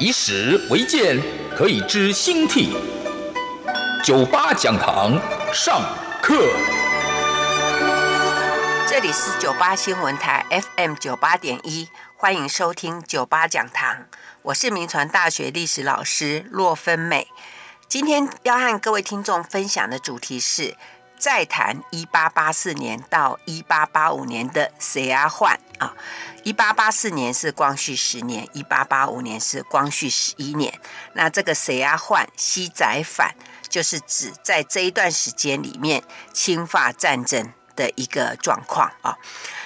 以史為鑑，可以知興替。九八講堂上課，這裡是九八新聞台 FM 九八點一，歡迎收聽九八講堂。我是銘傳大學歷史老師駱芬美，今天要和各位聽眾分享的主題是再談一八八四年到一八八五年的西仔反。啊，一八八四年是光緒十年，一八八五年是光緒十一年。那這個“誰啊換，西仔反”就是指在這一段時間裡面，清法戰爭的一個狀況啊。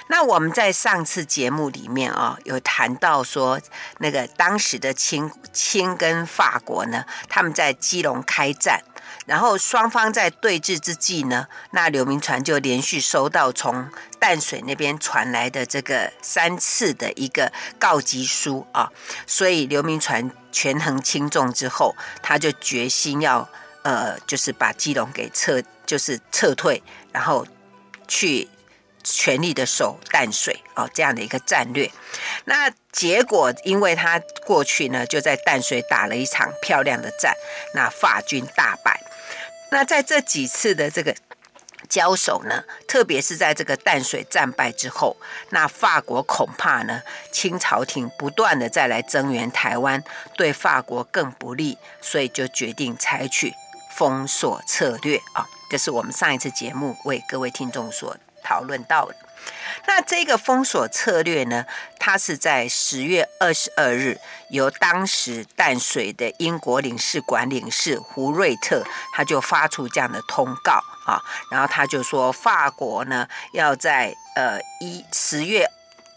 那我們在上次節目裡面啊，有談到說，那個當時的清清跟法國呢，他們在基隆開戰。然後雙方在對峙之際呢，那劉銘傳就連續收到從淡水那邊傳來的這個三次的一個告急書啊，所以劉銘傳權衡輕重之後，他就決心要呃，就是把基隆給撤，就是撤退，然後去全力的守淡水啊，這樣的一個戰略。那結果，因為他過去呢就在淡水打了一場漂亮的戰，那法軍大敗。那在這幾次的這個交手呢，特別是在這個淡水戰敗之後，那法國恐怕呢，清朝廷不斷的再來增援台灣，對法國更不利，所以就決定採取封鎖策略啊，哦，這是我們上一次節目為各位聽眾所討論到的。那這個封鎖策略呢，它是在十月二十二日，由當時淡水的英國領事館領事胡瑞特，他就發出這樣的通告啊，然後他就說，法國呢要在呃一十月。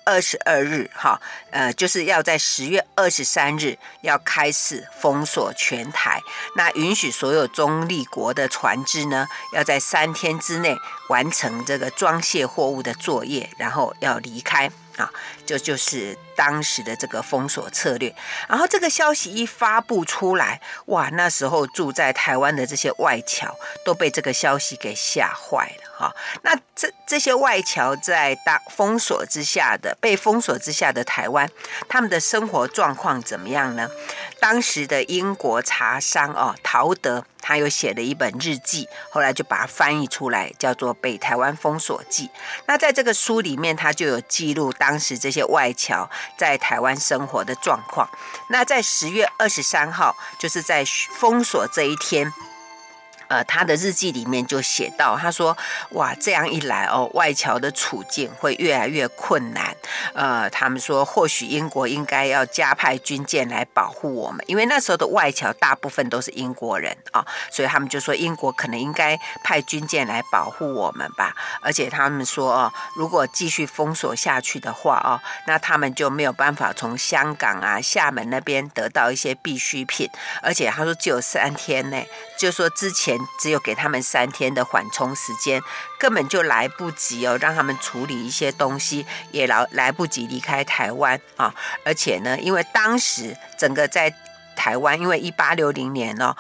二十二日，哈，呃，就是要在十月二十三日要開始封鎖全台，那允許所有中立國的船隻呢，要在三天之內完成這個裝卸貨物的作業，然後要離開，啊，這就，就是當時的這個封鎖策略。然後這個消息一發布出來，哇，那時候住在台灣的這些外僑都被這個消息給嚇壞了。好，那這這些外僑在大封鎖之下的被封鎖之下的台灣，他們的生活狀況怎麼樣呢？當時的英國茶商哦，陶德，他又寫了一本日記，後來就把它翻譯出來，叫做《北台灣封鎖記》。那在這個書裡面，他就有記錄當時這些外僑在台灣生活的狀況。那在十月二十三號，就是在封鎖這一天。呃，他的日記裡面就寫到，他說：“哇，這樣一來哦，外僑的處境會越來越困難。”呃，他們說，或許英國應該要加派軍艦來保護我們，因為那時候的外僑大部分都是英國人啊，哦，所以他們就說，英國可能應該派軍艦來保護我們吧。而且他們說，哦，如果繼續封鎖下去的話，哦，那他們就沒有辦法從香港啊、廈門那邊得到一些必需品。而且他說，只有三天呢，就說之前。只有給他們三天的緩衝時間，根本就來不及哦，讓他們處理一些東西，也來來不及離開台灣啊！而且呢，因為當時整個在台灣，因為一八六零年呢、哦，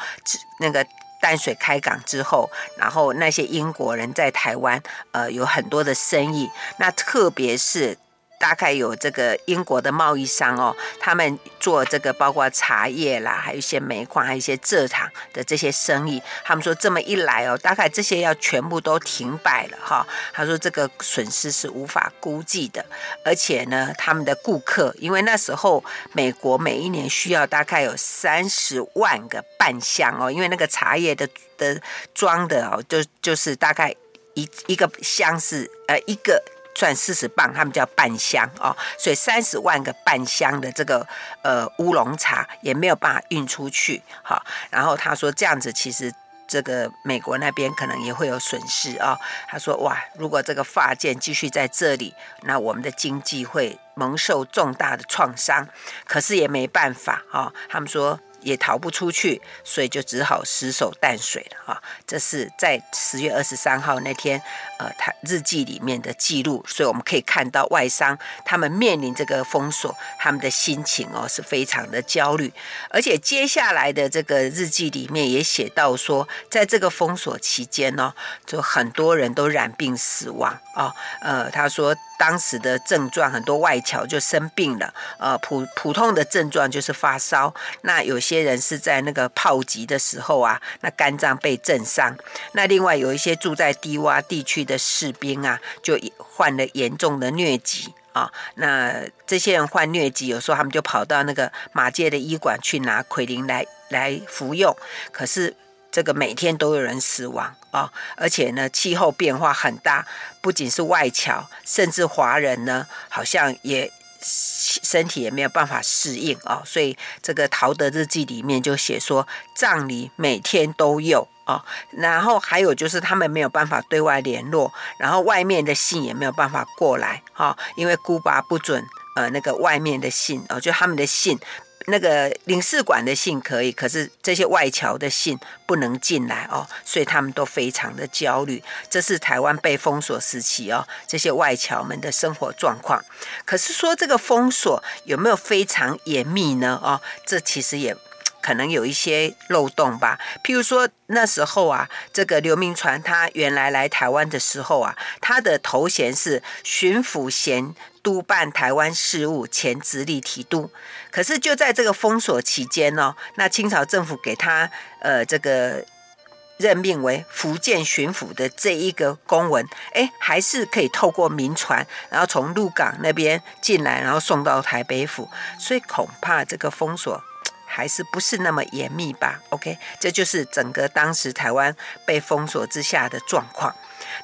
那個淡水開港之後，然後那些英國人在台灣呃有很多的生意，那特別是。大概有這個英國的貿易商哦，他們做這個包括茶葉啦，還有一些煤礦，還有一些蔗糖的這些生意。他們說這麼一來哦，大概這些要全部都停擺了哈哦。他說這個損失是無法估計的，而且呢，他們的顧客，因為那時候美國每一年需要大概有三十萬個半箱哦，因為那個茶葉的的裝的哦，就就是大概一一個箱是呃一個，算四十磅，他們叫半箱哦，所以三十萬個半箱的這個呃烏龍茶也沒有辦法運出去，好、哦，然後他說這樣子其實這個美國那邊可能也會有損失哦，他說哇，如果這個法艦繼續在這裡，那我們的經濟會蒙受重大的創傷，可是也沒辦法哦，他們說。也逃不出去，所以就只好死守淡水了啊！這是在十月二十三號那天，呃，他日記裡面的記錄，所以我們可以看到外商他們面臨這個封鎖，他們的心情哦是非常的焦慮。而且接下來的這個日記裡面也寫到說，在這個封鎖期間呢，就很多人都染病死亡啊。呃，他說。當時的症狀很多外僑就生病了，呃，普普通的症狀就是發燒。那有些人是在那個炮擊的時候啊，那肝臟被震傷。那另外有一些住在低窪地區的士兵啊，就患了嚴重的瘧疾啊。那這些人患瘧疾，有時候他們就跑到那個馬偕的醫館去拿奎寧來來服用，可是。這個每天都有人死亡啊、哦，而且呢，氣候變化很大，不僅是外僑，甚至華人呢，好像也身體也沒有辦法適應啊、哦。所以這個陶德日記裡面就寫說，葬禮每天都有啊、哦。然後還有就是他們沒有辦法對外聯絡，然後外面的信也沒有辦法過來啊、哦。因為孤拔不准呃那個外面的信哦，就他們的信。那個領事館的信可以，可是這些外僑的信不能進來哦，所以他們都非常的焦慮。這是台灣被封鎖時期哦，這些外僑們的生活狀況。可是說這個封鎖有沒有非常嚴密呢？哦，這其實也可能有一些漏洞吧。譬如說那時候啊，這個劉銘傳他原來來台灣的時候啊，他的頭銜是巡撫銜，督辦臺灣事務前直隸提督，可是就在這個封鎖期間哦，那清朝政府給他呃這個任命為福建巡撫的這一個公文，誒，還是可以透過民船，然後從鹿港那邊進來，然後送到台北府，所以恐怕這個封鎖還是不是那麼嚴密吧？OK，這就是整個當時台灣被封鎖之下的狀況。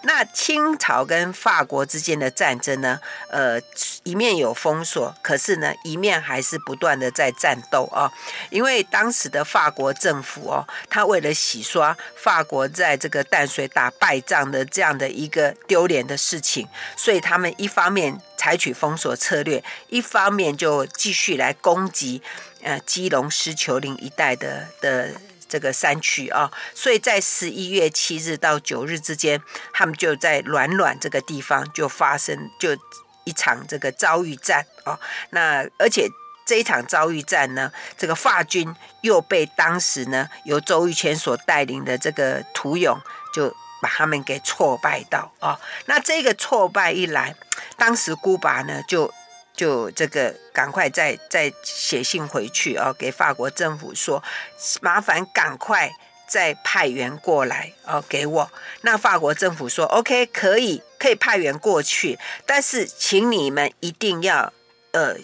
那清朝跟法國之間的戰爭呢？呃，一面有封鎖，可是呢，一面還是不斷的在戰鬥哦。因為當時的法國政府哦，他為了洗刷法國在這個淡水打敗仗的這樣的一個丟臉的事情，所以他們一方面採取封鎖策略，一方面就繼續來攻擊，呃，基隆獅球嶺一帶的的。這個山區啊、哦，所以在十一月七日到九日之間，他們就在暖暖這個地方就發生就一場這個遭遇戰啊、哦。那而且這一場遭遇戰呢，這個法軍又被當時呢由周玉謙所帶領的這個土勇就把他們給挫敗到啊、哦。那這個挫敗一來，當時孤拔呢就。就這個，趕快再再寫信回去哦，給法國政府說，麻煩趕快再派員過來哦，給我。那法國政府說，OK，可以，可以派員過去，但是請你們一定要，呃。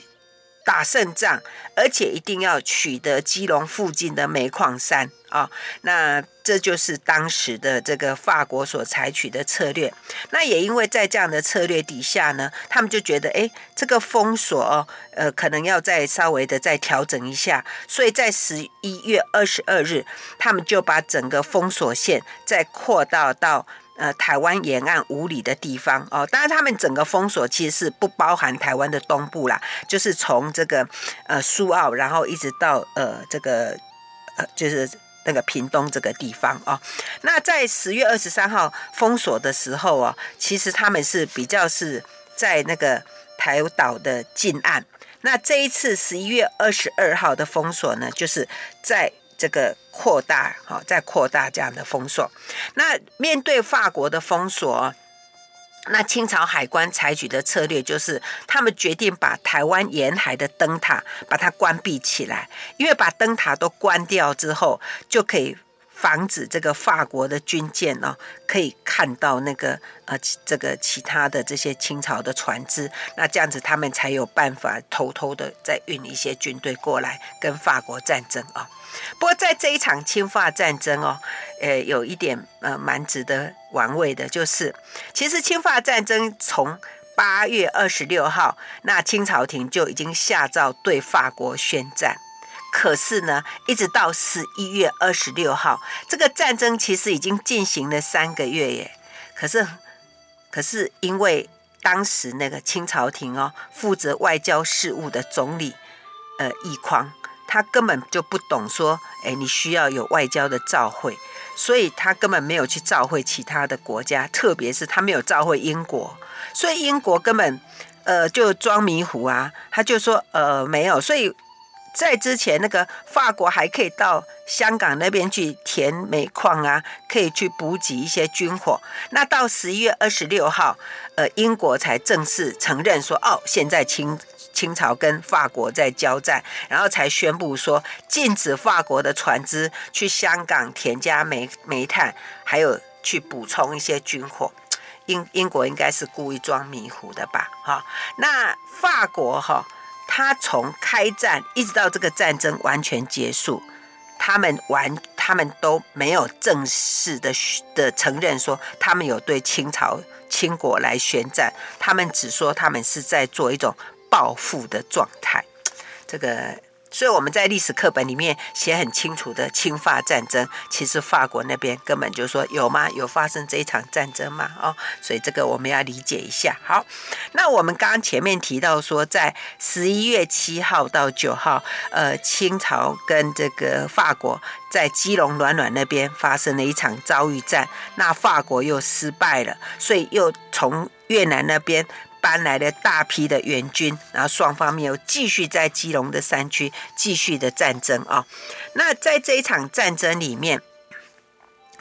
打勝仗，而且一定要取得基隆附近的煤礦山啊！那這就是當時的這個法國所採取的策略。那也因為，在這樣的策略底下呢，他們就覺得，誒、欸，這個封鎖、哦，呃，可能要再稍微的再調整一下。所以在十一月二十二日，他們就把整個封鎖線再擴大到。呃，台灣沿岸五里的地方哦，當然他們整個封鎖其實是不包含台灣的東部啦，就是從這個呃蘇澳，然後一直到呃這個呃就是那個屏東這個地方哦。那在十月二十三號封鎖的時候哦，其實他們是比較是在那個台島的近岸。那這一次十一月二十二號的封鎖呢，就是在這個。擴大，好，再擴大這樣的封鎖。那面對法國的封鎖，那清朝海關採取的策略就是，他們決定把台灣沿海的燈塔把它關閉起來，因為把燈塔都關掉之後，就可以。防止這個法國的軍艦哦，可以看到那個呃，這個其他的這些清朝的船隻，那這樣子他們才有辦法偷偷的再運一些軍隊過來跟法國戰爭啊、哦。不過在這一場清法戰爭哦，呃，有一點呃蠻值得玩味的就是，其實清法戰爭從八月二十六號，那清朝廷就已經下詔對法國宣戰。可是呢，一直到十一月二十六號，這個戰爭其實已經進行了三個月耶。可是，可是因為當時那個清朝廷哦，負責外交事務的總理呃奕劻，他根本就不懂說，哎，你需要有外交的照會，所以他根本沒有去照會其他的國家，特別是他沒有照會英國，所以英國根本呃就裝迷糊啊，他就說呃沒有，所以。在之前，那個法國還可以到香港那邊去填煤礦啊，可以去補給一些軍火。那到十一月二十六號，呃，英國才正式承認說，哦，現在清清朝跟法國在交戰，然後才宣布說禁止法國的船隻去香港添加煤煤炭，還有去補充一些軍火。英英國應該是故意裝迷糊的吧？哈、哦，那法國哈、哦。他從開戰一直到這個戰爭完全結束，他們完他們都沒有正式的的承認說他們有對清朝清國來宣戰，他們只說他們是在做一種報復的狀態，這個。所以我們在歷史課本裡面寫很清楚的，清法戰爭其實法國那邊根本就說有嗎？有發生這一場戰爭嗎？哦，所以這個我們要理解一下。好，那我們剛剛前面提到說，在十一月七號到九號，呃，清朝跟這個法國在基隆暖暖那邊發生了一場遭遇戰，那法國又失敗了，所以又從越南那邊。搬來了大批的援軍，然後雙方沒有繼續在基隆的山區繼續的戰爭啊。那在這一場戰爭裡面。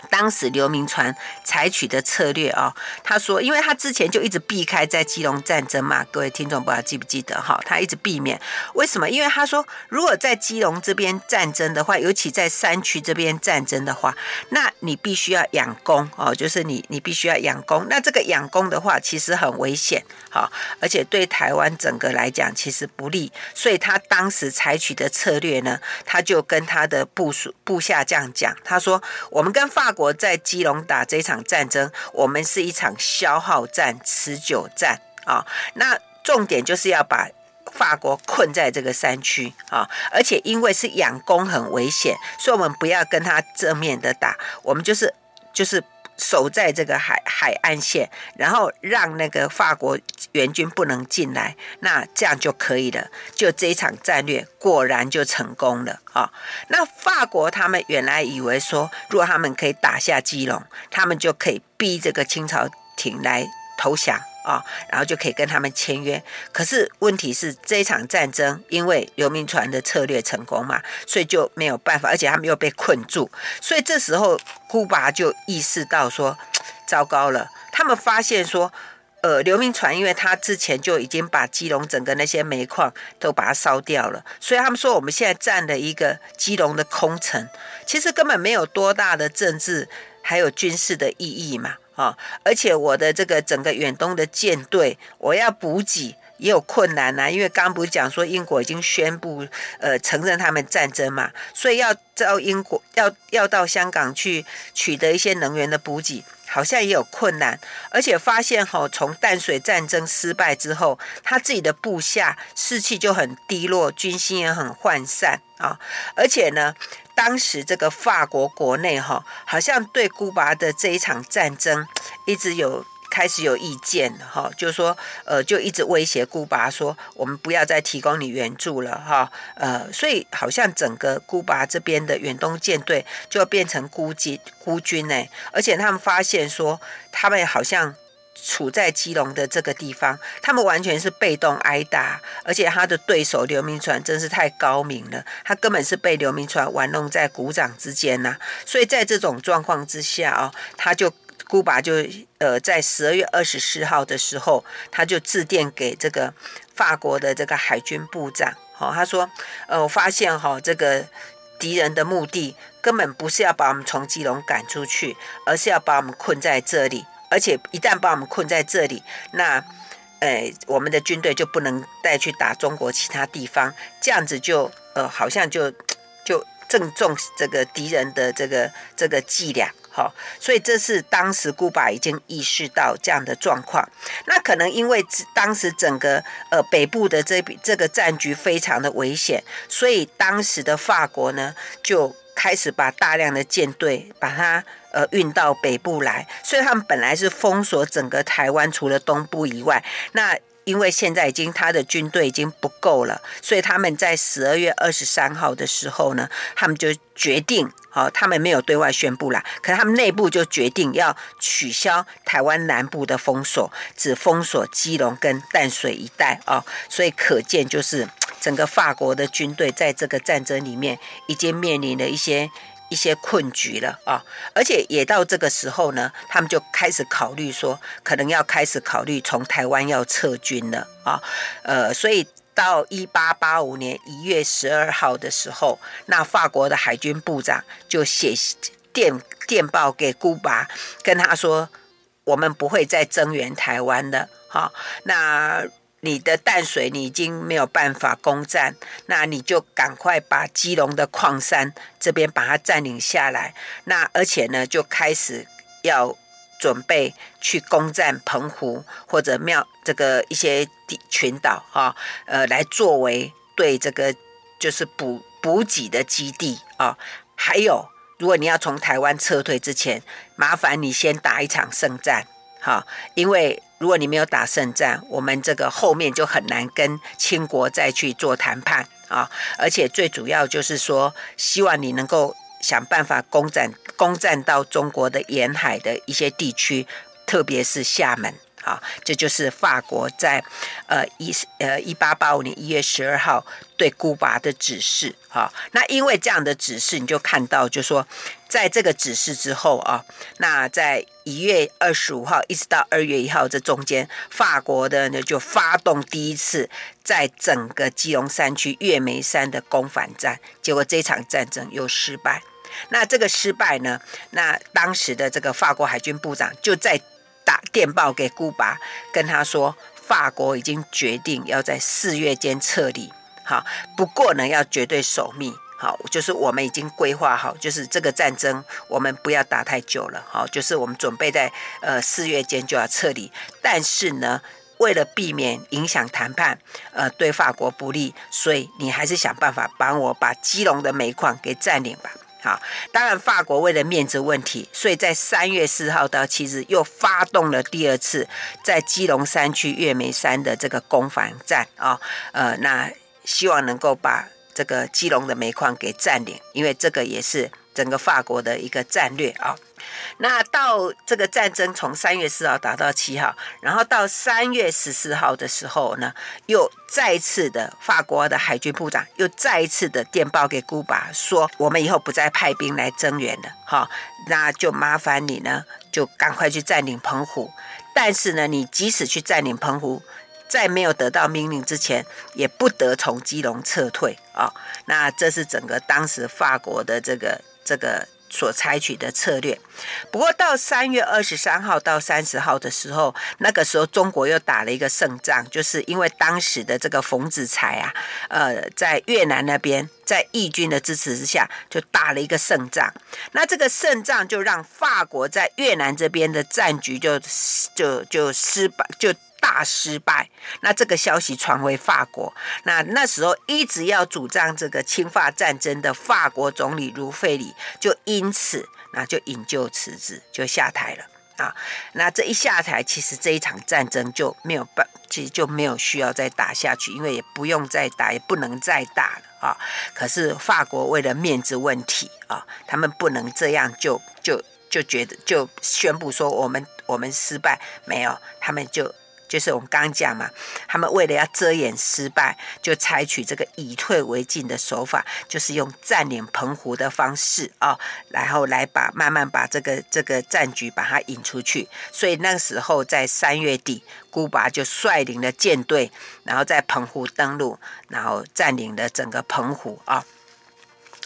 當時劉銘傳採取的策略啊、哦，他說，因為他之前就一直避開在基隆戰爭嘛，各位聽眾不知道記不記得哈？他一直避免，為什麼？因為他說，如果在基隆這邊戰爭的話，尤其在山區這邊戰爭的話，那你必須要養工哦，就是你你必須要養工。那這個養工的話，其實很危險哈，而且對台灣整個來講其實不利。所以他當時採取的策略呢，他就跟他的部屬部下這樣講，他說：我們跟法法國在基隆打這場戰爭，我們是一場消耗戰、持久戰啊、哦！那重點就是要把法國困在這個山區啊、哦，而且因為是仰攻很危險，所以我們不要跟他正面的打，我們就是就是。守在這個海海岸線，然後讓那個法國援軍不能進來，那這樣就可以了。就這一場戰略果然就成功了啊、哦！那法國他們原來以為說，如果他們可以打下基隆，他們就可以逼這個清朝廷來投降。啊、哦，然後就可以跟他們簽約。可是問題是，這場戰爭因為劉銘傳的策略成功嘛，所以就沒有辦法，而且他們又被困住。所以這時候，孤拔就意識到說，糟糕了。他們發現說，呃，劉銘傳因為他之前就已經把基隆整個那些煤礦都把它燒掉了，所以他們說，我們現在占了一個基隆的空城，其實根本沒有多大的政治還有軍事的意義嘛。啊，而且我的這個整個遠東的艦隊，我要補給也有困難吶、啊，因為剛剛不是講說英國已經宣布，呃，承認他們戰爭嘛，所以要到英國，要要到香港去取得一些能源的補給，好像也有困難，而且發現哈、哦，從淡水戰爭失敗之後，他自己的部下士氣就很低落，軍心也很渙散啊，而且呢。當時這個法國國內哈，好像對孤拔的這一場戰爭一直有開始有意見哈，就說呃，就一直威脅孤拔說，我們不要再提供你援助了哈，呃，所以好像整個孤拔這邊的遠東艦隊就變成孤軍孤軍呢、欸，而且他們發現說，他們好像。處在基隆的這個地方，他們完全是被動挨打，而且他的對手劉銘傳真是太高明了，他根本是被劉銘傳玩弄在股掌之間吶、啊。所以在這種狀況之下哦，他就孤拔就呃，在十二月二十四號的時候，他就致電給這個法國的這個海軍部長，哦，他說，呃，我發現哈、哦，這個敵人的目的根本不是要把我們從基隆趕出去，而是要把我們困在這裡。而且一旦把我們困在這裡，那，呃，我們的軍隊就不能再去打中國其他地方，這樣子就呃，好像就就正中這個敵人的這個這個伎倆，哈、哦。所以這是當時孤拔已經意識到這樣的狀況。那可能因為當時整個呃北部的這筆這個戰局非常的危險，所以當時的法國呢就。開始把大量的艦隊把它呃運到北部來，所以他們本來是封鎖整個台灣，除了東部以外，那。因為現在已經他的軍隊已經不夠了，所以他們在十二月二十三號的時候呢，他們就決定，好，他們沒有對外宣布了，可他們內部就決定要取消台灣南部的封鎖，只封鎖基隆跟淡水一帶，哦，所以可見就是整個法國的軍隊在這個戰爭裡面已經面臨了一些。一些困局了啊，而且也到這個時候呢，他們就開始考慮說，可能要開始考慮從台灣要撤軍了啊。呃，所以到一八八五年一月十二號的時候，那法國的海軍部長就寫電電報給孤拔，跟他說，我們不會再增援台灣了。哈、啊，那。你的淡水你已經沒有辦法攻佔，那你就趕快把基隆的礦山這邊把它佔領下來。那而且呢，就開始要準備去攻佔澎湖或者廟這個一些地群島哈、啊，呃，來作為對這個就是補補給的基地啊。還有，如果你要從台灣撤退之前，麻煩你先打一場勝戰，哈、啊，因為。如果你沒有打勝仗，我們這個後面就很難跟清國再去做談判啊！而且最主要就是說，希望你能夠想辦法攻佔、攻佔到中國的沿海的一些地區，特別是廈門啊！這就是法國在，呃一呃一八八五年一月十二號，對孤拔的指示，那因為這樣的指示，你就看到，就說在這個指示之後啊，那在一月二十五號一直到二月一號這中間，法國的呢就發動第一次在整個基隆山區月眉山的攻防戰，結果這場戰爭又失敗。那這個失敗呢，那當時的這個法國海軍部長就在打電報給孤拔，跟他說，法國已經決定要在四月間撤離。好，不過呢，要絕對守密。好，就是我們已經規劃好，就是這個戰爭我們不要打太久了。好，就是我們準備在呃四月間就要撤離。但是呢，為了避免影響談判，呃，對法國不利，所以你還是想辦法幫我把基隆的煤礦給佔領吧。好，當然法國為了面子問題，所以在三月四號到七日又發動了第二次在基隆山區月眉山的這個攻防戰啊、哦。呃，那。希望能夠把這個基隆的煤礦給佔領，因為這個也是整個法國的一個戰略啊、哦。那到這個戰爭從三月四號打到七號，然後到三月十四號的時候呢，又再一次的法國的海軍部長又再一次的電報給孤拔說，我們以後不再派兵來增援了，哈，那就麻煩你呢，就趕快去佔領澎湖。但是呢，你即使去佔領澎湖。在沒有得到命令之前，也不得從基隆撤退啊。那這是整個當時法國的這個這個所採取的策略。不過到三月二十三號到三十號的時候，那個時候中國又打了一個勝仗，就是因為當時的這個馮子材啊，呃，在越南那邊，在義軍的支持之下，就打了一個勝仗。那這個勝仗就讓法國在越南這邊的戰局就就就失敗就。大失敗，那這個消息傳回法國，那那時候一直要主張這個清法戰爭的法國總理茹費理就因此那就引咎辭職，就下台了啊。那這一下台，其實這一場戰爭就沒有辦，其實就沒有需要再打下去，因為也不用再打，也不能再打了啊。可是法國為了面子問題啊，他們不能這樣就就就覺得就宣布說我們我們失敗沒有，他們就。就是我們剛講嘛，他們為了要遮掩失敗，就採取這個以退為進的手法，就是用佔領澎湖的方式啊，然後來把慢慢把這個這個戰局把它引出去。所以那時候在三月底，孤拔就率領了艦隊，然後在澎湖登陸，然後佔領了整個澎湖啊。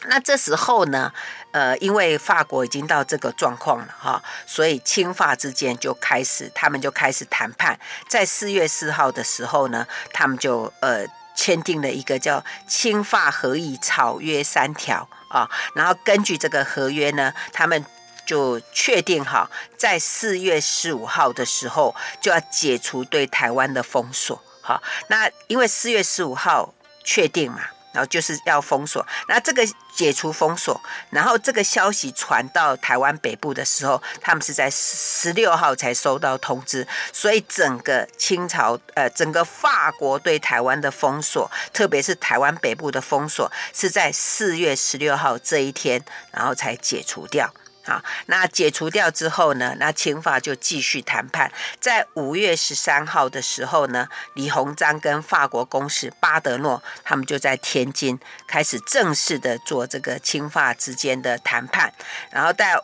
那這時候呢，呃，因為法國已經到這個狀況了哈、哦，所以清法之間就開始，他們就開始談判。在四月四號的時候呢，他們就呃簽訂了一個叫《清法和議草約》三條啊、哦。然後根據這個合約呢，他們就確定好、哦，在四月十五號的時候就要解除對台灣的封鎖。哈、哦，那因為四月十五號確定嘛。然後就是要封鎖，那這個解除封鎖，然後這個消息傳到台灣北部的時候，他們是在十六號才收到通知，所以整個清朝呃，整個法國對台灣的封鎖，特別是台灣北部的封鎖，是在四月十六號這一天，然後才解除掉。好，那解除掉之後呢，那清法就繼續談判。在五月十三號的時候呢，李鴻章跟法國公使巴德諾，他們就在天津開始正式的做這個清法之間的談判。然後在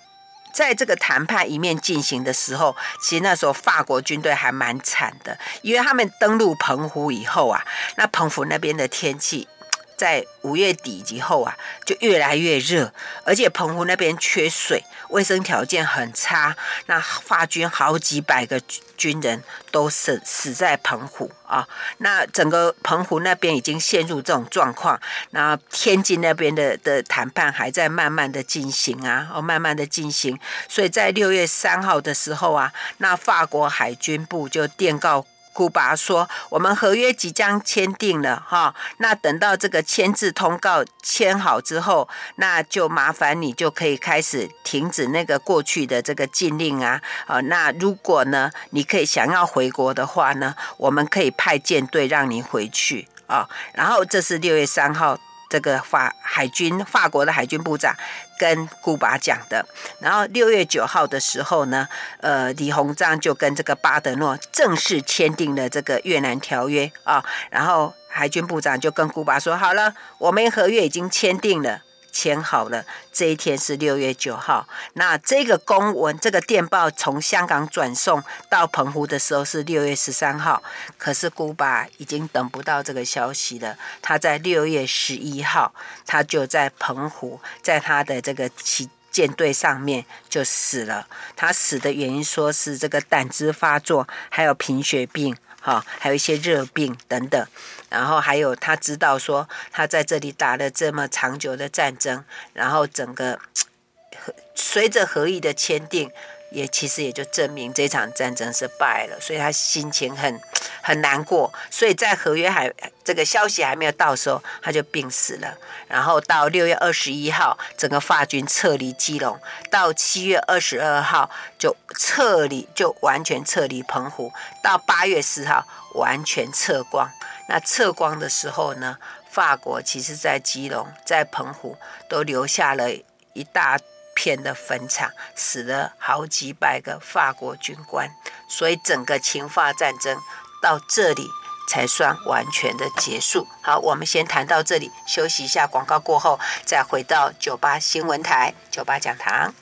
在這個談判一面進行的時候，其實那時候法國軍隊還蠻慘的，因為他們登陸澎湖以後啊，那澎湖那邊的天氣，在五月底以後啊，就越來越熱，而且澎湖那邊缺水，衛生條件很差。那法軍好幾百個軍人都死死在澎湖啊！那整個澎湖那邊已經陷入這種狀況。那天津那邊的的談判還在慢慢的進行啊，哦，慢慢的進行。所以在六月三號的時候啊，那法國海軍部就電告。古巴說：“我們合約即將簽訂了哈，那等到這個簽字通告簽好之後，那就麻煩你就可以開始停止那個過去的這個禁令啊啊！那如果呢，你可以想要回國的話呢，我們可以派艦隊讓你回去啊。然後這是六月三號，這個法海軍法國的海軍部長。”跟孤拔講的，然後六月九號的時候呢，呃，李鴻章就跟這個巴德諾正式簽訂了這個越南條約啊，然後海軍部長就跟孤拔說，好了，我們合約已經簽訂了。簽好了，這一天是六月九號。那這個公文、這個電報從香港轉送到澎湖的時候是六月十三號，可是孤拔已經等不到這個消息了。他在六月十一號，他就在澎湖，在他的這個旗艦隊上面就死了。他死的原因說是這個膽汁發作，還有貧血病，哈，還有一些熱病等等。然後還有，他知道說他在這裡打了這麼長久的戰爭，然後整個隨着和議的簽訂，也其實也就證明這場戰爭是敗了，所以他心情很很難過。所以在合約還這個消息還沒有到的時候，他就病死了。然後到六月二十一號，整個法軍撤離基隆，到七月二十二號就撤離，就完全撤離澎湖，到八月四號完全撤光。那撤光的時候呢，法國其實在基隆、在澎湖都留下了一大片的墳場，死了好幾百個法國軍官，所以整個清法戰爭到這裡才算完全的結束。好，我們先談到這裡，休息一下，廣告過後再回到九八新聞台，九八講堂。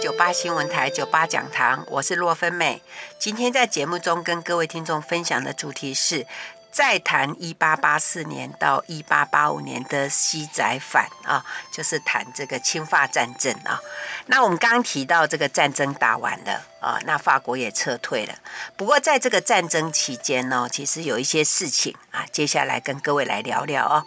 九八新聞台九八講堂，我是駱芬美。今天在節目中跟各位聽眾分享的主題是，再談一八八四年到一八八五年的西仔反啊，就是談這個清法戰爭啊。那我們剛剛提到這個戰爭打完了啊，那法國也撤退了。不過在這個戰爭期間呢，其實有一些事情啊，接下來跟各位來聊聊哦。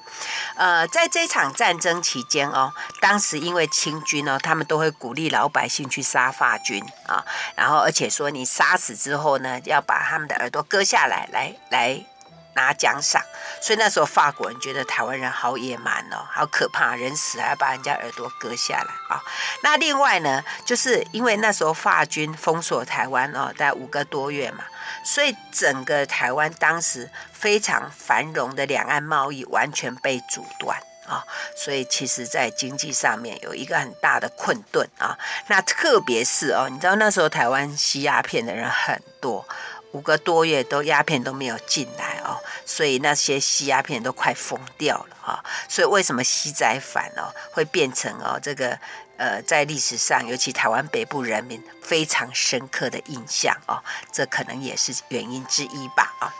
呃，在這場戰爭期間哦，當時因為清軍呢，他們都會鼓勵老百姓去殺法軍啊，然後而且說你殺死之後呢，要把他們的耳朵割下來，來來。拿獎賞，所以那時候法國人覺得台灣人好野蠻哦，好可怕，人死還要把人家耳朵割下來啊，哦。那另外呢，就是因為那時候法軍封鎖台灣哦，大概五個多月嘛，所以整個台灣當時非常繁榮的兩岸貿易完全被阻斷啊，所以其實在經濟上面有一個很大的困頓啊。那特別是哦，你知道那時候台灣吸鴉片的人很多。五個多月都鴉片都沒有進來哦，所以那些吸鴉片都快瘋掉了哈、哦。所以為什麼西仔反哦會變成哦這個呃在歷史上尤其台灣北部人民非常深刻的印象哦，這可能也是原因之一吧啊、哦。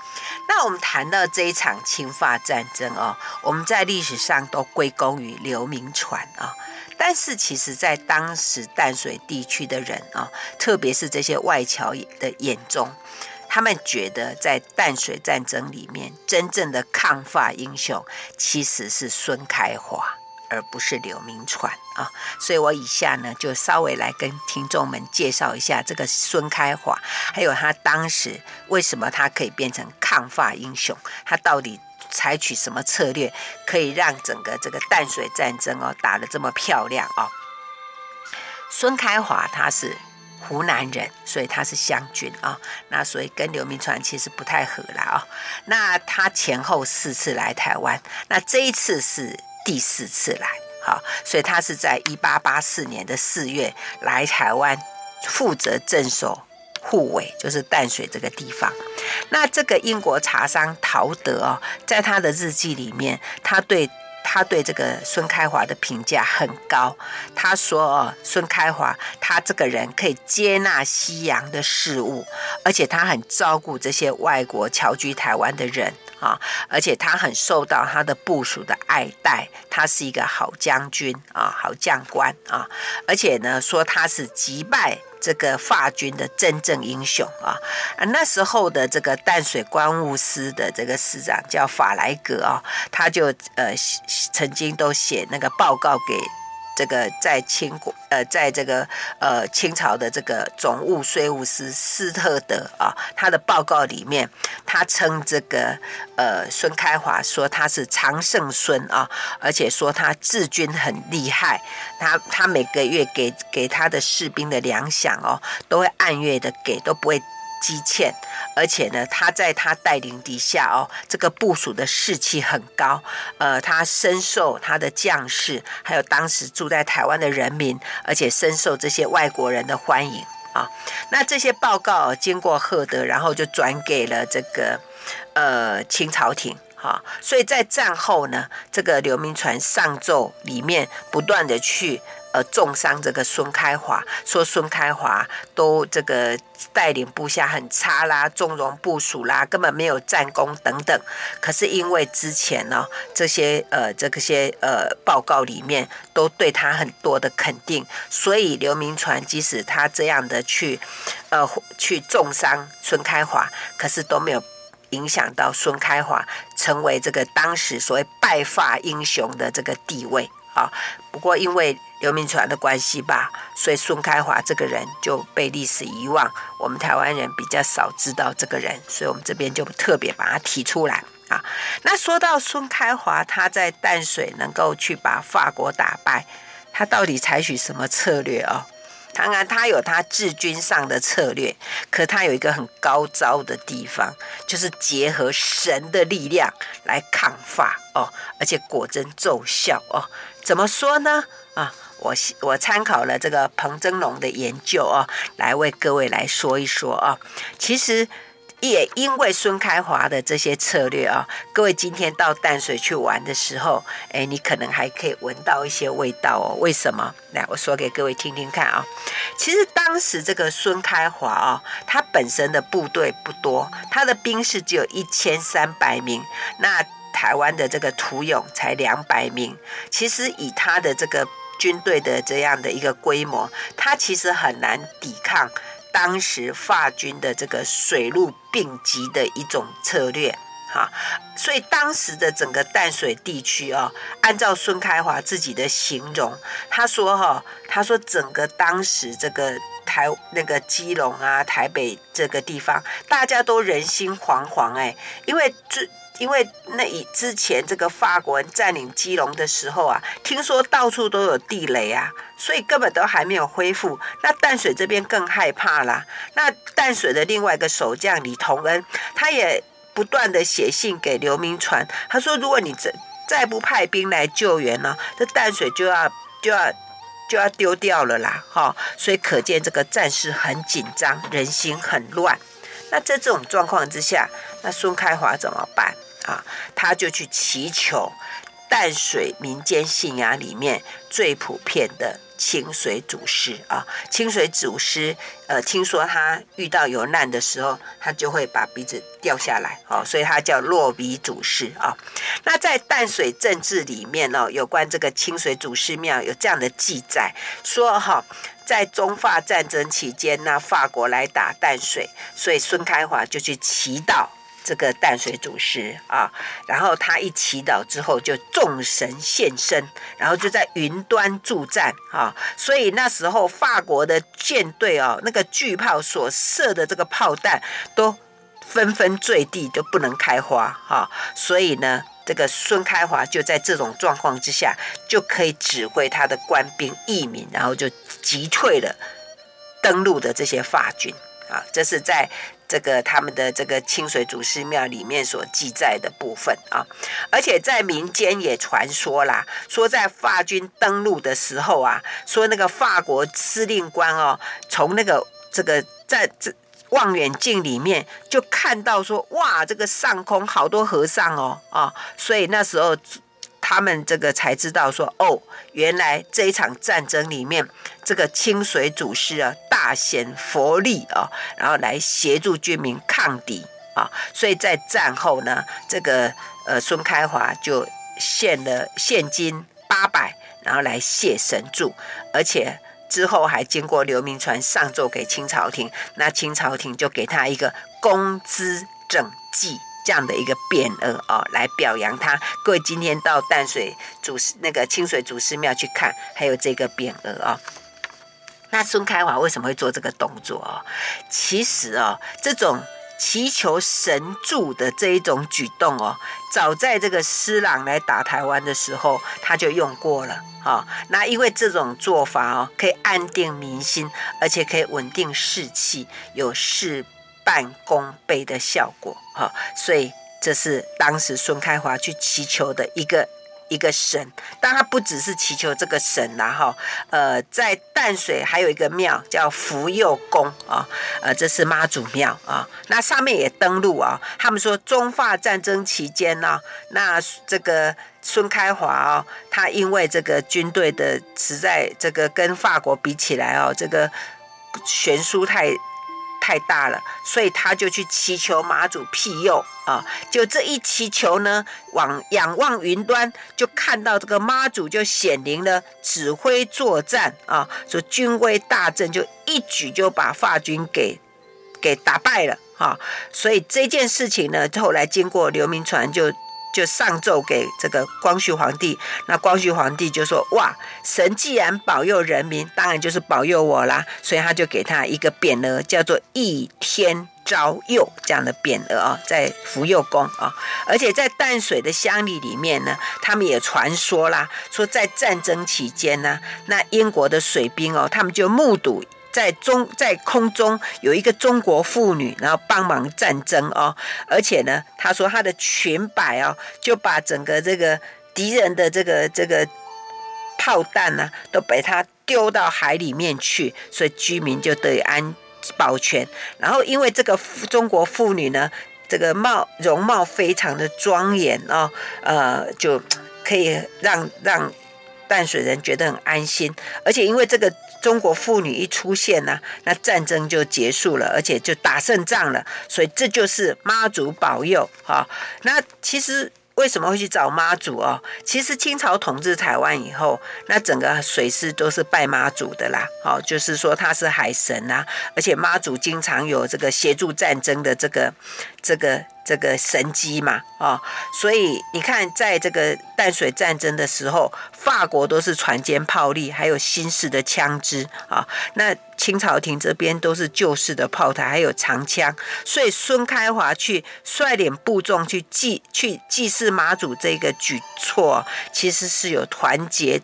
那我們談到這一場清法戰爭哦，我們在歷史上都歸功於劉銘傳啊，但是其實，在當時淡水地區的人啊、哦，特別是這些外僑的眼中。他們覺得在淡水戰爭裡面，真正的抗法英雄其實是孫開華，而不是劉銘傳啊，哦。所以我以下呢，就稍微來跟聽眾們介紹一下這個孫開華，還有他當時為什麼他可以變成抗法英雄，他到底採取什麼策略，可以讓整個這個淡水戰爭哦打得這麼漂亮哦。孫開華他是。湖南人，所以他是湘軍啊，那所以跟劉銘傳其實不太合啦啊。那他前後四次來台灣，那這一次是第四次來，好，所以他是在一八八四年的四月來台灣，負責鎮守護衛，就是淡水這個地方。那這個英國茶商陶德哦，在他的日記裡面，他對。他對這個孫開華的評價很高，他說啊：“哦，孫開華，他這個人可以接納西洋的事物，而且他很照顧這些外國僑居台灣的人啊，而且他很受到他的部屬的愛戴，他是一個好將軍啊，好將官啊，而且呢，說他是擊敗。”這個法軍的真正英雄啊，那時候的這個淡水關務司的這個司長叫法萊格啊，他就呃曾經都寫那個報告給。這個在清國，呃，在這個呃清朝的這個總務稅務司斯、斯特德啊，哦，他的報告裡面，他稱這個呃孫開華說，他是常勝孫啊，哦，而且說他治軍很厲害，他他每個月給給他的士兵的糧餉哦，都會按月的給，都不會。而且呢，他在他帶領底下哦，這個部署的士氣很高，呃，他深受他的將士，還有當時住在台灣的人民，而且深受這些外國人的歡迎啊。那這些報告，哦，經過赫德，然後就轉給了這個呃清朝廷，哈、啊，所以在戰後呢，這個劉銘傳上奏裡面不斷地去。呃，中傷這個孫開華，說孫開華都這個帶領部下很差啦，縱容部屬啦，根本沒有戰功等等。可是因為之前呢、哦，這些呃這個些呃報告裡面都對他很多的肯定，所以劉銘傳即使他這樣的去呃去中傷孫開華，可是都沒有影響到孫開華成為這個當時所謂敗法英雄的這個地位。啊、哦，不過因為劉銘傳的關係吧，所以孫開華這個人就被歷史遺忘。我們台灣人比較少知道這個人，所以我們這邊就特別把他提出來啊。那說到孫開華，他在淡水能夠去把法國打敗，他到底採取什麼策略啊、哦？當然，他有他治軍上的策略，可他有一個很高招的地方，就是結合神的力量來抗法哦，而且果真奏效哦。怎麼說呢？啊，我我參考了這個彭增龍的研究啊，來為各位來說一說啊。其實也因為孫開華的這些策略啊，各位今天到淡水去玩的時候，哎，你可能還可以聞到一些味道哦。為什麼？來，我說給各位聽聽看啊。其實當時這個孫開華啊，他本身的部隊不多，他的兵士只有一千三百名。那台灣的這個土勇才兩百名，其實以他的這個軍隊的這樣的一個規模，他其實很難抵抗當時法軍的這個水陸並擊的一種策略，哈。所以當時的整個淡水地區哦，按照孫開華自己的形容，他說哈，他說整個當時這個。台那個基隆啊，台北這個地方，大家都人心惶惶哎、欸，因為之因為那以之前這個法國人佔領基隆的時候啊，聽說到處都有地雷啊，所以根本都還沒有恢復。那淡水這邊更害怕啦。那淡水的另外一個守將李同恩，他也不斷的寫信給劉銘傳，他說如果你再再不派兵來救援呢、啊，這淡水就要就要。就要丟掉了啦，哈、哦！所以可見這個戰事很緊張，人心很亂。那在這種狀況之下，那孫開華怎麼辦啊？他就去祈求淡水民間信仰裡面最普遍的。清水祖師啊，清水祖師，呃，聽說他遇到有難的時候，他就會把鼻子掉下來，所以他叫落鼻祖師啊。那在淡水政治裡面哦，有關這個清水祖師廟有這樣的記載，說哈，在中法戰爭期間呢，法國來打淡水，所以孫開華就去祈禱。這個淡水祖師啊，然後他一祈禱之後，就眾神現身，然後就在雲端助戰啊。所以那時候法國的艦隊哦、啊，那個巨炮所射的這個炮彈都紛紛墜地，都不能開花哈、啊。所以呢，這個孫開華就在這種狀況之下，就可以指揮他的官兵義民，然後就擊退了登陸的這些法軍啊。這是在。這個他們的這個清水祖師廟裡面所記載的部分啊，而且在民間也傳說啦，說在法軍登陸的時候啊，說那個法國司令官哦，從那個這個在這望遠鏡裡面就看到說，哇，這個上空好多和尚哦啊，所以那時候。他們這個才知道說，哦，原來這一場戰爭裡面，這個清水祖師啊，大顯佛力啊，然後來協助軍民抗敵啊，所以在戰後呢，這個呃孫開華就獻了現金八百，然後來謝神助，而且之後還經過劉銘傳上奏給清朝廷，那清朝廷就給他一個功資拯濟。這樣的一個匾額哦，來表揚他。各位今天到淡水祖師那個清水祖師廟去看，還有這個匾額啊、哦。那孫開華為什麼會做這個動作哦？其實哦，這種祈求神助的這一種舉動哦，早在這個施琅來打台灣的時候，他就用過了啊、哦。那因為這種做法哦，可以安定民心，而且可以穩定士氣，有士。半功倍的效果哈、哦，所以這是當時孫開華去祈求的一個一個神，但他不只是祈求這個神啦、啊、哈，呃，在淡水還有一個廟叫福佑宮啊、哦，呃，這是媽祖廟啊、哦，那上面也登錄啊，他們說中法戰爭期間呢、啊，那這個孫開華哦、啊，他因為這個軍隊的實在這個跟法國比起來哦、啊，這個懸殊太。太大了，所以他就去祈求媽祖庇佑啊！就這一祈求呢，往仰望雲端，就看到這個媽祖就顯靈了，指揮作戰啊，所以軍威大振，就一舉就把法軍給給打敗了啊！所以這件事情呢，後來經過劉銘傳就。就上奏給這個光緒皇帝，那光緒皇帝就說：哇，神既然保佑人民，當然就是保佑我啦，所以他就給他一個匾額，叫做“翼天昭佑”這樣的匾額啊，哦，在福佑宮啊，哦，而且在淡水的鄉里裡面呢，他們也傳說啦，說在戰爭期間呢，那英國的水兵哦，他們就目睹。在中在空中有一個中國婦女，然後幫忙戰爭哦，而且呢，她說她的裙擺哦，就把整個這個敵人的這個這個炮彈呢、啊，都被她丟到海裡面去，所以居民就得以安保全。然後因為這個中國婦女呢，這個貌容貌非常的莊嚴哦，呃，就可以讓讓淡水人覺得很安心，而且因為這個。中國婦女一出現呢、啊，那戰爭就結束了，而且就打勝仗了，所以這就是媽祖保佑哈、哦。那其實為什麼會去找媽祖哦？其實清朝統治台灣以後，那整個水師都是拜媽祖的啦，好、哦，就是說他是海神吶、啊，而且媽祖經常有這個協助戰爭的這個這個。這個神機嘛，啊、哦，所以你看，在這個淡水戰爭的時候，法國都是船堅炮利，還有新式的槍支啊、哦；那清朝廷這邊都是舊式的炮台，還有長槍。所以孫開華去率領部眾去祭去祭祀媽祖這個舉措，其實是有團結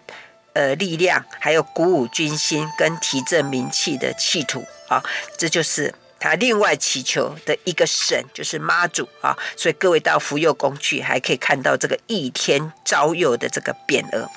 呃力量，還有鼓舞軍心跟提振民氣的企圖啊、哦。這就是。他另外祈求的一個神就是媽祖啊，所以各位到福佑宮去還可以看到這個翌天昭佑的這個匾額。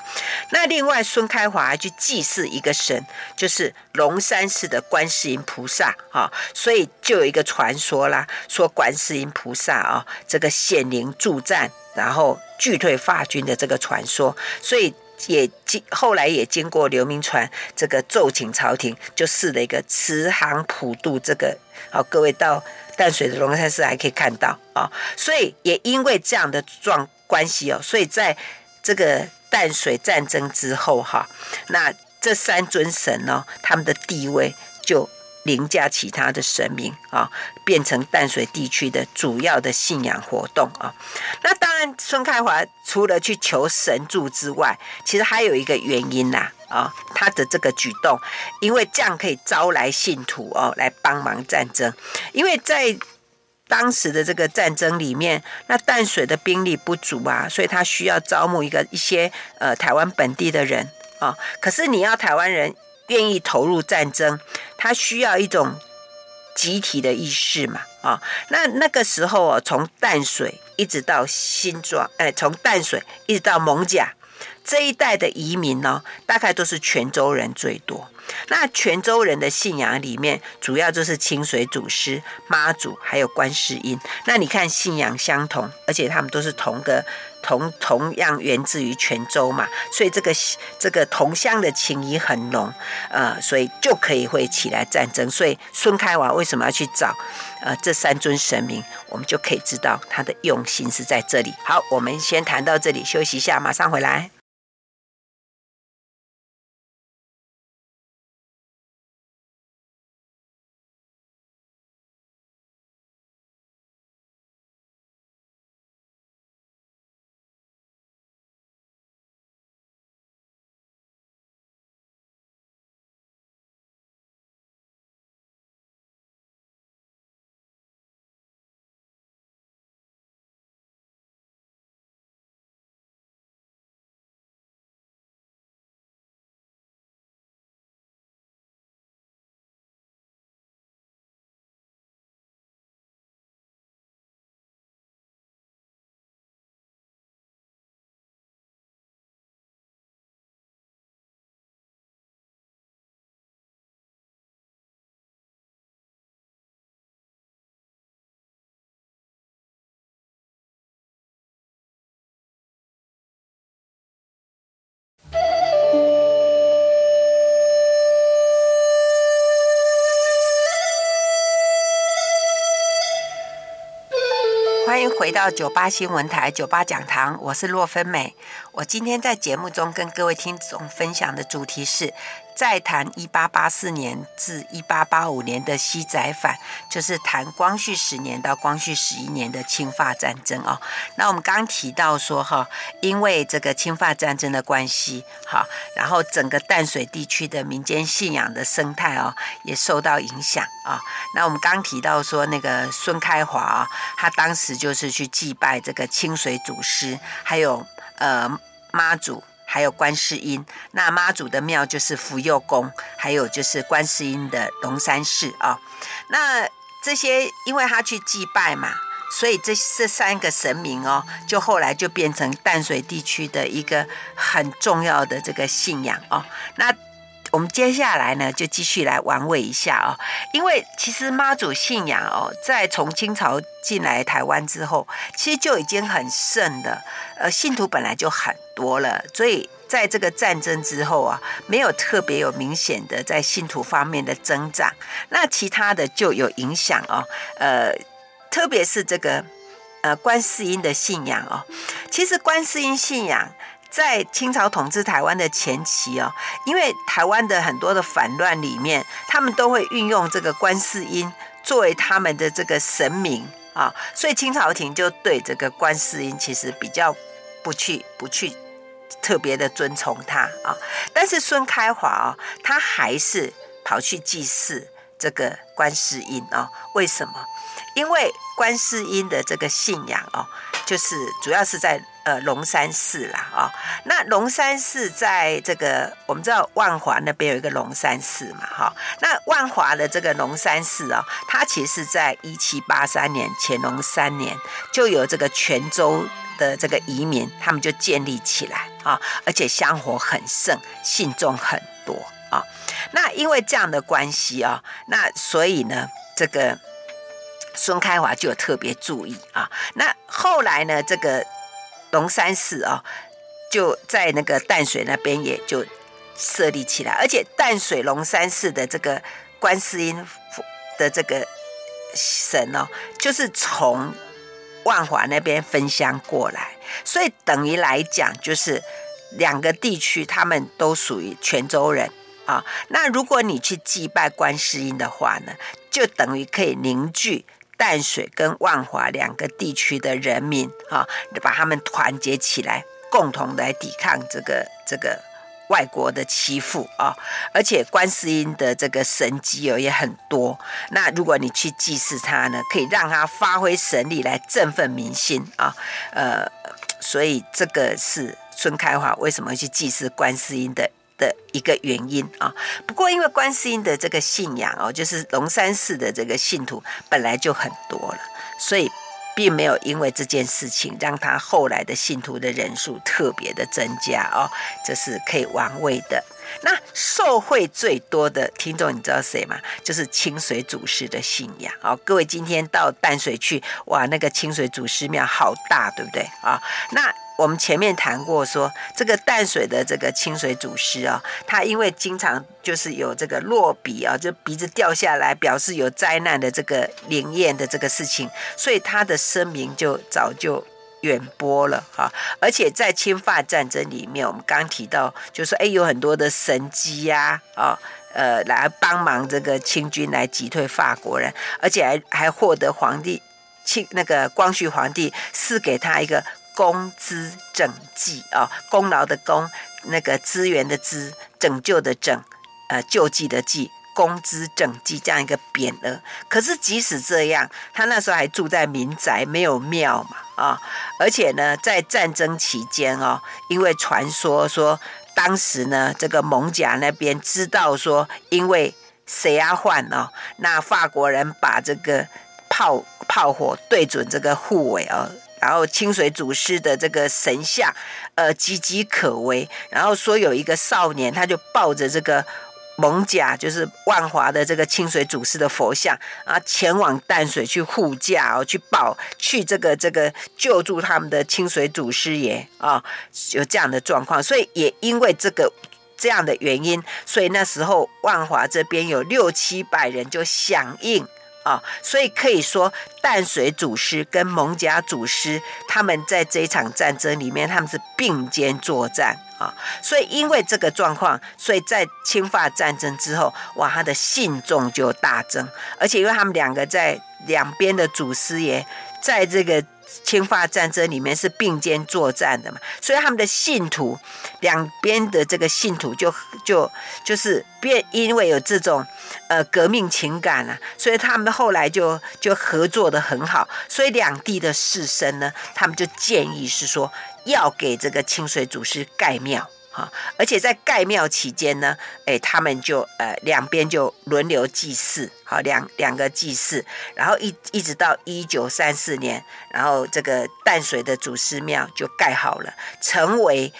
那另外孫開華還去祭祀一個神，就是龍山寺的觀世音菩薩啊，所以就有一個傳說啦，說觀世音菩薩啊這個顯靈助戰，然後拒退法軍的這個傳說。所以也經後來也經過劉銘傳這個奏請朝廷，就設了一個慈航普渡這個。好，各位到淡水的龍山寺還可以看到啊，所以也因為這樣的狀關係哦，所以在這個淡水戰爭之後哈，那這三尊神呢，他們的地位就凌駕其他的神明啊，變成淡水地區的主要的信仰活動啊。那當然，孫開華除了去求神助之外，其實還有一個原因吶、啊。啊、哦，他的這個舉動，因為這樣可以招來信徒哦，來幫忙戰爭。因為在當時的這個戰爭裡面，那淡水的兵力不足啊，所以他需要招募一個一些呃台灣本地的人啊、哦。可是你要台灣人願意投入戰爭，他需要一種集體的意識嘛啊、哦。那那個時候啊、哦，從淡水一直到新莊，哎，從淡水一直到艋舺。這一帶的移民呢、哦，大概都是泉州人最多。那泉州人的信仰裡面，主要就是清水祖師、媽祖還有觀世音。那你看信仰相同，而且他們都是同個同同樣源自於泉州嘛，所以這個這個同鄉的情誼很濃，呃，所以就可以會起來戰爭。所以孫開華為什麼要去找呃這三尊神明，我們就可以知道他的用心是在這裡。好，我們先談到這裡，休息一下，馬上回來。回到九八新聞台九八講堂，我是駱芬美。我今天在節目中跟各位聽眾分享的主題是，再談一八八四年至一八八五年的西仔反，就是談光緒十年到光緒十一年的清法戰爭哦。那我們剛提到說哈，因為這個清法戰爭的關係，好，然後整個淡水地區的民間信仰的生態哦，也受到影響啊、哦。那我們剛提到說那個孫開華啊，他當時就是去祭拜這個清水祖師，還有呃媽祖。還有觀世音，那媽祖的廟就是福佑宮，還有就是觀世音的龍山寺啊。哦。那這些，因為他去祭拜嘛，所以這這三個神明哦，就後來就變成淡水地區的一個很重要的這個信仰哦。那我們接下來呢，就繼續來玩味一下哦。因為其實媽祖信仰哦，在從清朝進來台灣之後，其實就已經很盛的，呃，信徒本來就很。了，所以在這個戰爭之後啊，沒有特別有明顯的在信徒方面的增長。那其他的就有影響哦、啊，呃，特別是這個呃觀世音的信仰哦、啊。其實觀世音信仰在清朝統治台灣的前期哦、啊，因為台灣的很多的反亂裡面，他們都會運用這個觀世音作為他們的這個神明啊，所以清朝廷就對這個觀世音其實比較不去不去。特別的尊崇他啊，但是孫開華啊、哦，他還是跑去祭祀這個觀世音啊、哦。為什麼？因為觀世音的這個信仰啊、哦，就是主要是在呃龍山寺啦啊、哦。那龍山寺在這個我們知道萬華那邊有一個龍山寺嘛，哈、哦。那萬華的這個龍山寺啊、哦，它其實在一七八三年乾隆三年就有這個泉州。的這個移民，他們就建立起來啊，而且香火很盛，信眾很多啊。那因為這樣的關係啊，那所以呢，這個孫開華就特別注意啊。那後來呢，這個龍山寺啊，就在那個淡水那邊也就設立起來，而且淡水龍山寺的這個觀世音的這個神哦、啊，就是從。萬華那邊分香過來，所以等於來講就是兩個地區，他們都屬於泉州人啊。那如果你去祭拜觀世音的話呢，就等於可以凝聚淡水跟萬華兩個地區的人民啊，把他們團結起來，共同來抵抗這個這個。外國的欺負啊，而且觀世音的這個神蹟哦也很多。那如果你去祭祀他呢，可以讓他發揮神力來振奮民心啊。呃，所以這個是孫開華為什麼去祭祀觀世音的的一個原因啊。不過因為觀世音的這個信仰哦、啊，就是龍山寺的這個信徒本來就很多了，所以。並沒有因為這件事情讓他後來的信徒的人數特別的增加哦，這是可以玩味的。那受惠最多的聽眾，你知道誰嗎？就是清水祖師的信仰哦。各位今天到淡水去，哇，那個清水祖師廟好大，對不對啊？哦，那。我們前面談過說，說這個淡水的這個清水祖師啊，他因為經常就是有這個落鼻啊，就鼻子掉下來，表示有災難的這個靈驗的這個事情，所以他的聲名就早就遠播了哈、啊。而且在清法戰爭裡面，我們剛提到、就是，就說哎，有很多的神機呀、啊，啊，呃，來幫忙這個清軍來擊退法國人，而且還還獲得皇帝清那個光緒皇帝賜給他一個。功資拯濟啊，功勞的功，那個資源的資，拯救的拯，呃，救濟的濟，功資拯濟這樣一個匾額。可是即使這樣，他那時候還住在民宅，沒有廟嘛、啊、而且呢，在戰爭期間哦、啊，因為傳說說，說當時呢，這個艋舺那邊知道說，因為誰要換哦，那法國人把這個炮炮火對準這個滬尾哦。啊然後清水祖師的這個神像，呃，岌岌可危。然後說有一個少年，他就抱着這個艋舺，就是萬華的這個清水祖師的佛像啊，前往淡水去護駕哦，去保，去這個這個救助他們的清水祖師爺啊、哦，有這樣的狀況。所以也因為這個這樣的原因，所以那時候萬華這邊有六七百人就響應。啊、哦，所以可以說淡水祖師跟艋舺祖師他們在這一場戰爭裡面，他們是並肩作戰啊、哦。所以因為這個狀況，所以在清法戰爭之後，哇，他的信眾就大增，而且因為他們兩個在兩邊的祖師爺，在這個。清法戰爭裡面是並肩作戰的嘛，所以他們的信徒，兩邊的這個信徒就就就是變，因為有這種呃革命情感啊，所以他們後來就就合作得很好，所以兩地的士紳呢，他們就建議是說要給這個清水祖師蓋廟。好，而且在蓋廟期間呢，誒，他們就呃兩邊就輪流祭祀，好兩兩個祭祀，然後一一直到一九三四年，然後這個淡水的祖師廟就蓋好了，成為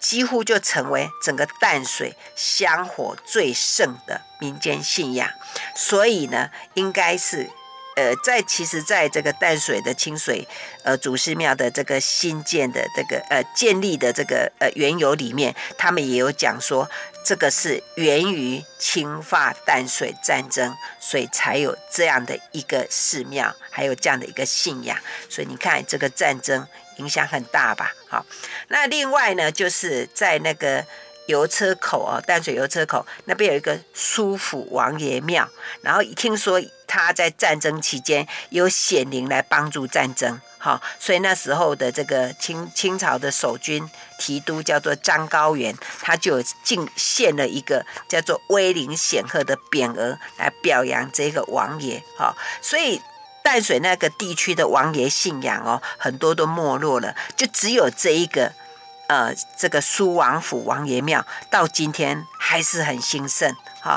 幾乎就成為整個淡水香火最盛的民間信仰，所以呢，應該是。呃，在其實，在這個淡水的清水呃祖師廟的這個新建的這個呃建立的這個呃緣由裡面，他們也有講說，這個是源於清法淡水戰爭，所以才有這樣的一個寺廟，還有這樣的一個信仰。所以你看，這個戰爭影響很大吧？好，那另外呢，就是在那個。油車口啊，淡水油車口那邊有一個蘇府王爺廟，然後一聽說他在戰爭期間有顯靈來幫助戰爭，哈，所以那時候的這個清清朝的守軍提督叫做章高元，他就有進獻了一個叫做威靈顯赫的匾額來表揚這個王爺，哈，所以淡水那個地區的王爺信仰哦，很多都沒落了，就只有這一個。呃，這個蘇王府王爺廟到今天還是很興盛哈、哦，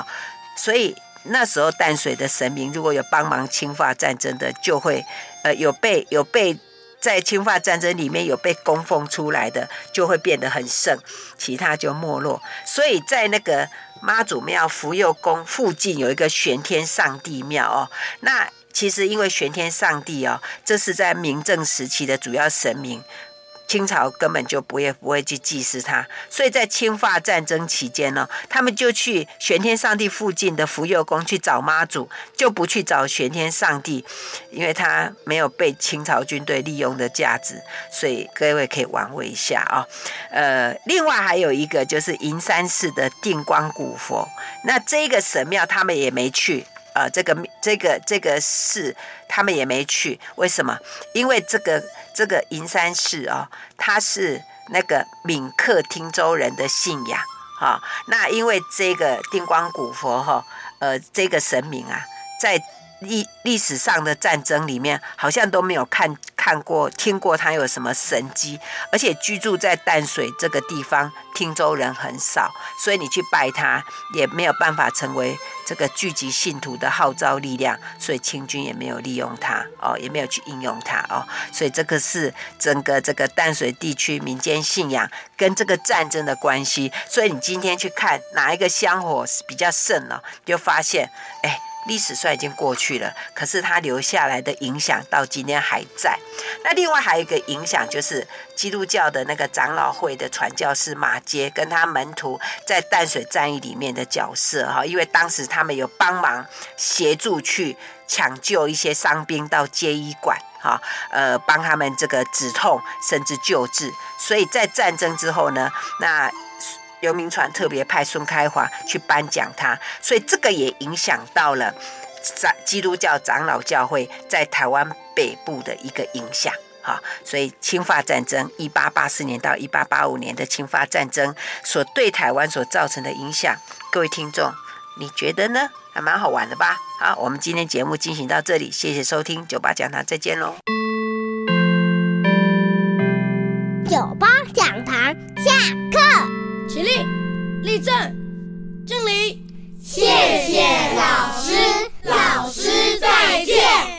所以那時候淡水的神明如果有幫忙清法戰爭的，就會呃有被有被在清法戰爭裡面有被供奉出來的，就會變得很盛，其他就沒落。所以在那個媽祖廟福佑宮附近有一個玄天上帝廟哦，那其實因為玄天上帝哦，這是在明鄭時期的主要神明。清朝根本就不會不會去祭祀他，所以在清法戰爭期間呢、哦，他們就去玄天上帝附近的福佑宮去找媽祖，就不去找玄天上帝，因為他沒有被清朝軍隊利用的價值，所以各位可以玩味一下啊、哦。呃，另外還有一個就是銀山寺的定光古佛，那這個神廟他們也沒去呃，這個這個這個寺他們也沒去，為什麼？因為這個。這個銀山寺哦，它是那個閩客汀州人的信仰啊、哦。那因為這個定光古佛哈、哦，呃，這個神明啊，在。歷歷史上的戰爭裡面，好像都沒有看看過、聽過他有什麼神蹟，而且居住在淡水這個地方，汀州人很少，所以你去拜他也沒有辦法成為這個聚集信徒的號召力量，所以清軍也沒有利用他哦，也沒有去應用他哦，所以這個是整個這個淡水地區民間信仰跟這個戰爭的關係，所以你今天去看哪一個香火比較盛呢？哦，就發現哎。歷史雖然已經過去了，可是它留下來的影響到今天還在。那另外還有一個影響，就是基督教的那個長老會的傳教士馬偕跟他門徒在淡水戰役裡面的角色哈，因為當時他們有幫忙協助去搶救一些傷兵到偕醫館哈，呃，幫他們這個止痛甚至救治。所以在戰爭之後呢，那。劉銘傳特別派孫開華去頒獎他，所以這個也影響到了基督教長老教會在台灣北部的一個影響哈。所以清法戰爭一八八四年到一八八五年的清法戰爭所對台灣所造成的影響，各位聽眾，你覺得呢？還蠻好玩的吧？好，我們今天節目進行到這裡，謝謝收聽，酒吧講堂再見嘍。酒吧講堂下課。起立，立正，敬禮。謝謝老師，老師再見。